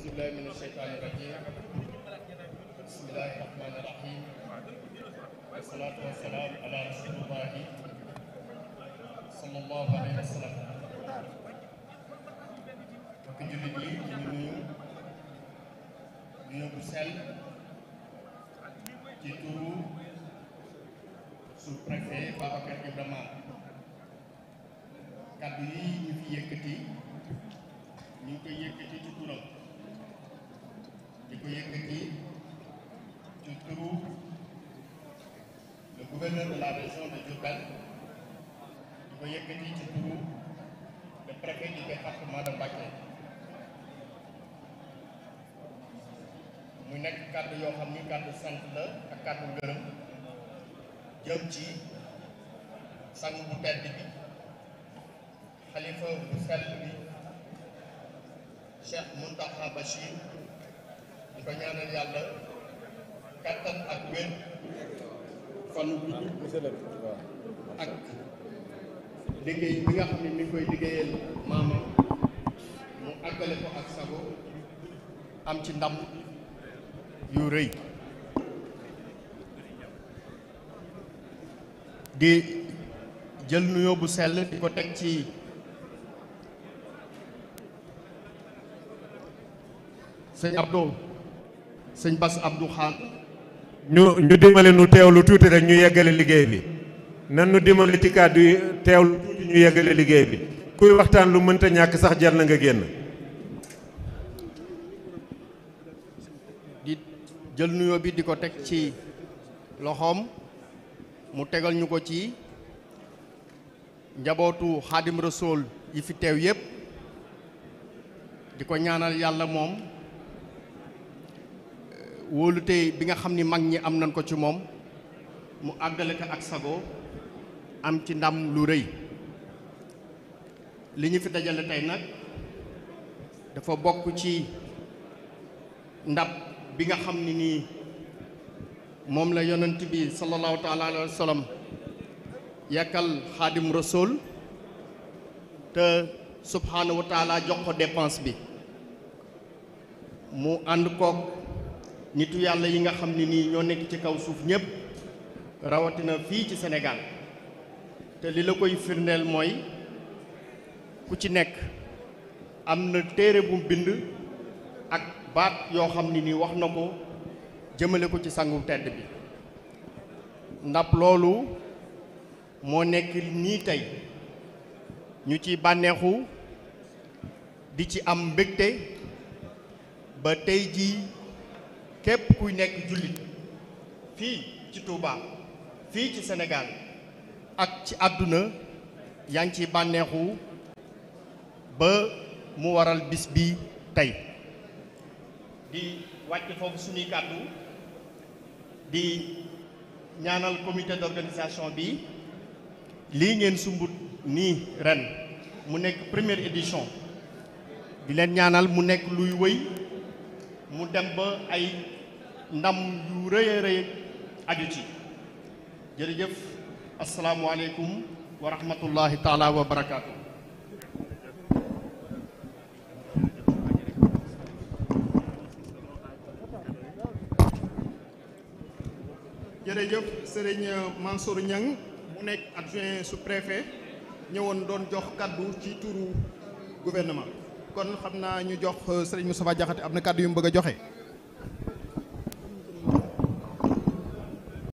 أعوذ بالله من الشيطان الرجيم بسم الله الرحمن الرحيم والصلاة والسلام على رسول الله صلى الله عليه وسلم mbokk jullit yi ñu nuyu nuyu bu sell ci turu sous-préfet Babacar Ibrahima kaddu yi ñu fi yëkkati ñu ngi koy yëkkati ci turam ko yëkkati ci turu le gouverneur de la région de Diourbel di ko yëkkati ci turu le préfet du département de mu nekk kàddu yoo xam ni kàddu sant la ak kàddu ngërëm jëm ci sang bu tedd bi xalifa bu sell bi Cheikh Mountakha Bachir ko yàlla kattan mi ngi koy liggéeyal maamam am ci ndam yu rëy di jël nuyoo bu sell di ko teg ci sëñ Abdou sëñ Bass Abdou Xaan ñu ñu dimbale nu lu tuuti rek ñu yeggale liggéey bi nan nu dimbale ci kàddu yi teewlu tuuti ñu yeggale liggéey bi kuy waxtaan lu mënta ñàkk sax jar na nga génn di jël nuyo bi di ko teg ci loxoom mu tegal ñu ko ci njabootu xaadim rasool yi fi teew yépp di ko ñaanal yàlla moom wóolute bi nga xam ni mag ñi am nañ ko ci moom mu àggale ko ak sago am ci ndam lu rëy li ñu fi dajale tey nag dafa bokk ci ndab bi nga xam ni nii moom la yonent bi sallallahu taala alayhi wa sallam yàkkal xaadim rasul te subhaanahu wa taala jox ko bi mu ànd kook nitu yàlla yi nga xam ne nii ñoo nekk ci kaw suuf ñépp rawatina fii ci Sénégal te li la koy firndeel mooy ku ci nekk am na téere bu bind ak baat yoo xam ni ni wax na ko jëmale ko ci sangu tedd bi ndax loolu moo nekk nii tey ñu ci bànneexu di ci am mbëgte ba tey jii képp kuy nekk jullit fii ci Touba fii ci Sénégal ak ci àdduna yaa ngi ci bànneexu ba mu waral bis bi tey di wàcc foofu suñuy kàddu di ñaanal comité d'organisation bi lii ngeen sumbut nii ren mu nekk première édition di leen ñaanal mu nekk luy wëy mu dem ba ay ndam yu rëy rëy aju ci jërëjëf asalaamualeykum wa rahmatullahi taala wa barakaatu. jërëjëf sëriñ Mansour Niang mu nekk adjoint sous-préfet ñëwoon doon jox kàddu ci turu gouvernement kon xam naa ñu jox euh, sëriñ Moustapha Diakhaté am na kàddu yu mu bëgg a joxe.